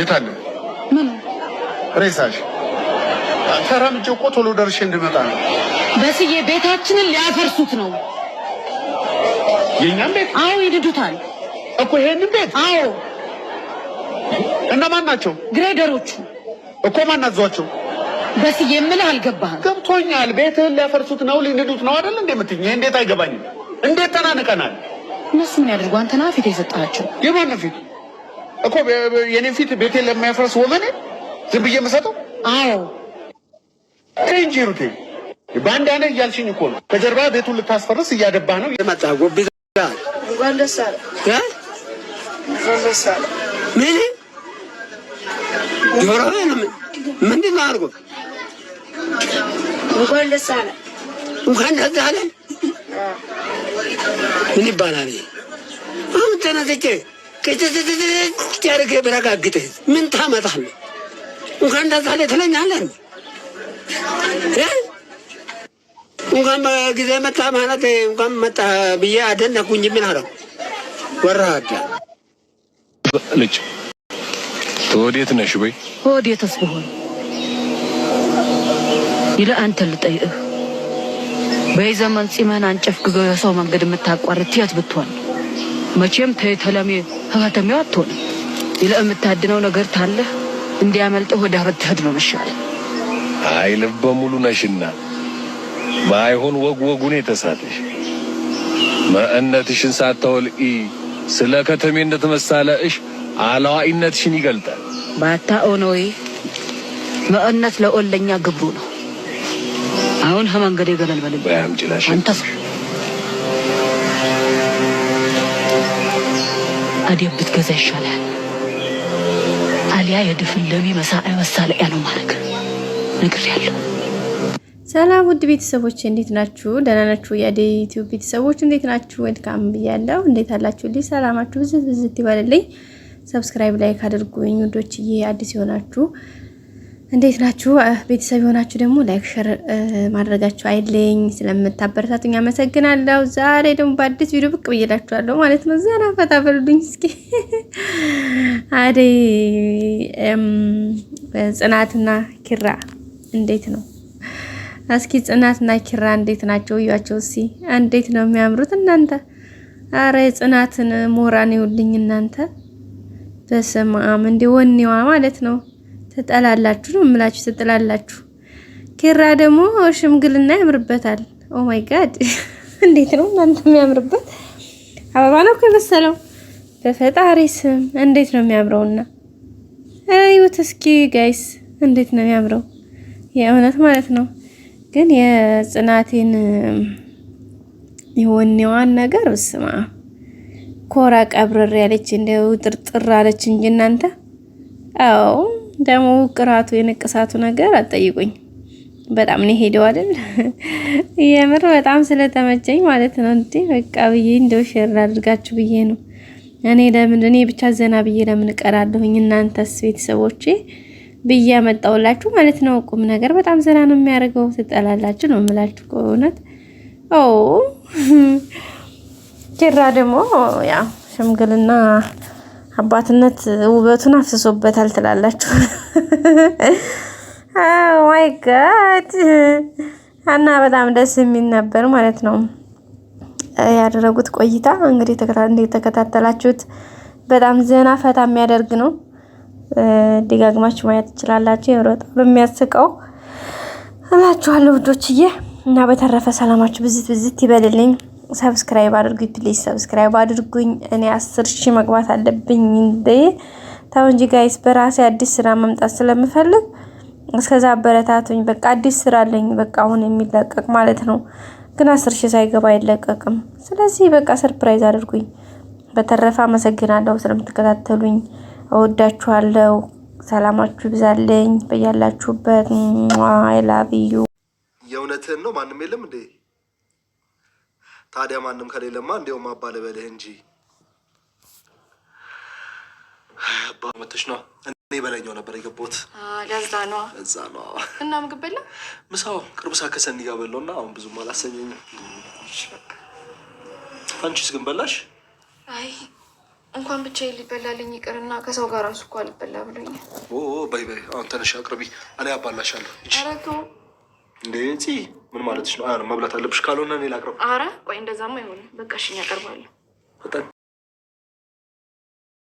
የት አለ ሬሳሽ? ተራምጄ እኮ ቶሎ ደርሼ እንድመጣ ነው። በስዬ ቤታችንን ሊያፈርሱት ነው። የኛም ቤት? አዎ ይንዱታል እኮ ይሄንን ቤት። አዎ እነማን ናቸው? ግሬደሮቹ እኮ ማን አዟቸው? በስዬ የምልህ አልገባህም? ገብቶኛል። ቤትህን ሊያፈርሱት ነው፣ ሊንዱት ነው አይደል እንዴ የምትይኝ? እንዴት አይገባኝም። እንዴት ተናንቀናል። እነሱ ምን ያደርጉ? አንተ ፊት የሰጣቸው የማን ፊት እኮ የኔ ፊት ቤቴን ለሚያፈርስ ወመን ዝም ብዬ የምሰጠው? አዎ እንጂ ሩቴ በአንድ በአንዳንድ እያልሽኝ እኮ ነው። ከጀርባ ቤቱን ልታስፈርስ እያደባ ነው። የመጣ ጎብዛ ምን ጆሮ ምንድን ነው አድርጎ እንኳን ደስ አለ እንኳን ደስ አለ ምን ይባላል? አሁን ተነስቼ ቅጭጭጭጭ ያደርገ ምን ታመጣለህ? እንኳን እንዳዛለ ትለኛለህ። እንኳን በጊዜ መጣ ማለት እንኳን መጣ ብዬ አደነኩኝ። ምን አለው ወራዳ ልጅ ወዴት ነሽ? ወዴትስ ብሆን ይለ አንተ ልጠይቅህ በይ ዘመን አንጨፍግገው የሰው መንገድ የምታቋርጥ የት ብትሆን መቼም ተይ ተለሜ አትሆን። አትሆንም። የምታድነው ነገር ታለህ እንዲያመልጠህ ወደ አበትህድ ነው መሻለ። አይ ልበ ሙሉ ነሽና ባይሆን ወግ ወጉን የተሳለሽ መእነትሽን ሳታወልኢ ስለ ከተሜነት መሳለእሽ አላዋይነትሽን ይገልጣል። ባታ ኦኖይ መእነት ለኦለኛ ግብሩ ነው። አሁን ከመንገዴ ገለል በልብ አንተስ ከደም ብትገዛ ይሻላል። አሊያ የድፍን ለሚ መሳለቂያ ነው ማለት ነገር ያለው። ሰላም ውድ ቤተሰቦች እንዴት ናችሁ? ደህና ናችሁ? የአደይ ዩቲዩብ ቤተሰቦች እንዴት ናችሁ? ወልካም ብያለሁ። እንዴት ልጅ ሰላማችሁ ብዝት ብዝት ይበልልኝ። ሰብስክራይብ፣ ላይክ አድርጉኝ ይሄ አዲስ የሆናችሁ እንዴት ናችሁ? ቤተሰብ የሆናችሁ ደግሞ ላይክ ሸር ማድረጋችሁ አይለኝ። ስለምታበረታቱኝ አመሰግናለሁ። ዛሬ ደግሞ በአዲስ ቪዲዮ ብቅ ብዬላችኋለሁ ማለት ነው። ዘና ፈታ በሉልኝ እስኪ። አደይ ጽናትና ኪራ እንዴት ነው? እስኪ ጽናትና ኪራ እንዴት ናቸው? እዩዋቸው እስኪ እንዴት ነው የሚያምሩት እናንተ። አረ ጽናትን ሞራን ይውልኝ እናንተ። በስመ አብ ወኔዋ ማለት ነው ትጠላላችሁ ነው የምላችሁ፣ ትጠላላችሁ። ኪራ ደግሞ ሽምግልና ያምርበታል። ኦ ማይ ጋድ እንዴት ነው እናንተ የሚያምርበት አበባ ነው ከመሰለው በፈጣሪ ስም እንዴት ነው የሚያምረውና እዩት እስኪ ጋይስ እንዴት ነው የሚያምረው የእውነት ማለት ነው። ግን የጽናቴን የወኔዋን ነገር ስማ ኮራ ቀብረር ያለች እንደው ጥርጥር አለች እንጂ እናንተ አዎ ደግሞ ውቅራቱ የንቅሳቱ ነገር አጠይቁኝ። በጣም ነው ሄደው አይደል? የምር በጣም ስለተመቸኝ ማለት ነው። እንዴ በቃ ብዬ እንደው ሼር አድርጋችሁ ብዬ ነው። እኔ ለምን እኔ ብቻ ዘና ብዬ ለምን እቀራለሁኝ? እናንተስ ቤተሰቦቼ ብዬ ያመጣውላችሁ ማለት ነው። ቁም ነገር በጣም ዘና ነው የሚያደርገው። ትጠላላችሁ ነው የምላችሁ እውነት። ኦ ኪራ ደግሞ ያው ሽምግልና አባትነት ውበቱን አፍስሶበታል ትላላችሁ። ማይ ጋድ oh እና በጣም ደስ የሚል ነበር ማለት ነው ያደረጉት ቆይታ። እንግዲህ እንደተከታተላችሁት በጣም ዘና ፈታ የሚያደርግ ነው። ደጋግማችሁ ማየት ትችላላችሁ። የሮጣ በሚያስቀው እላችኋለሁ ውዶችዬ እና በተረፈ ሰላማችሁ ብዝት ብዝት ይበልልኝ። ሰብስክራይብ አድርጉኝ ፕሊዝ ሰብስክራይብ አድርጉኝ። እኔ አስር ሺህ መግባት አለብኝ እንዴ! ተው እንጂ ጋይስ፣ በራሴ አዲስ ስራ መምጣት ስለምፈልግ እስከዛ አበረታቱኝ። በቃ አዲስ ስራ አለኝ፣ በቃ አሁን የሚለቀቅ ማለት ነው። ግን አስር ሺህ ሳይገባ አይለቀቅም። ስለዚህ በቃ ሰርፕራይዝ አድርጉኝ። በተረፈ አመሰግናለሁ ስለምትከታተሉኝ። እወዳችኋለሁ። ሰላማችሁ ይብዛልኝ በያላችሁበት። ዩ። የእውነትህን ነው። ማንም የለም እንዴ? ታዲያ ማንም ከሌለማ እንዲያውም አባልበልህ እንጂ አባ መተሽ ነው። እኔ በላኛው ነበር የገባሁት። ለዛ ነ ለዛ ነ እና ምግብ በላ ምሳው ቅርብ ሳ ከሰኒ ጋር በለው እና አሁን ብዙም አላሰኘኝም። አንቺስ ግን በላሽ? አይ እንኳን ብቻ ሊበላልኝ ይቅርና ከሰው ጋር ራሱ እኮ አልበላ ብሎኛል። በይ በይ አሁን ተነሽ አቅርቢ፣ እኔ አባላሻለሁ። እንደ ምን ማለትሽ ነው? አያ ነው መብላት አለብሽ፣ ካልሆነ እኔ ላቅርብ። ኧረ ቆይ እንደዛማ ይሆን በቃ እሺ፣ እኔ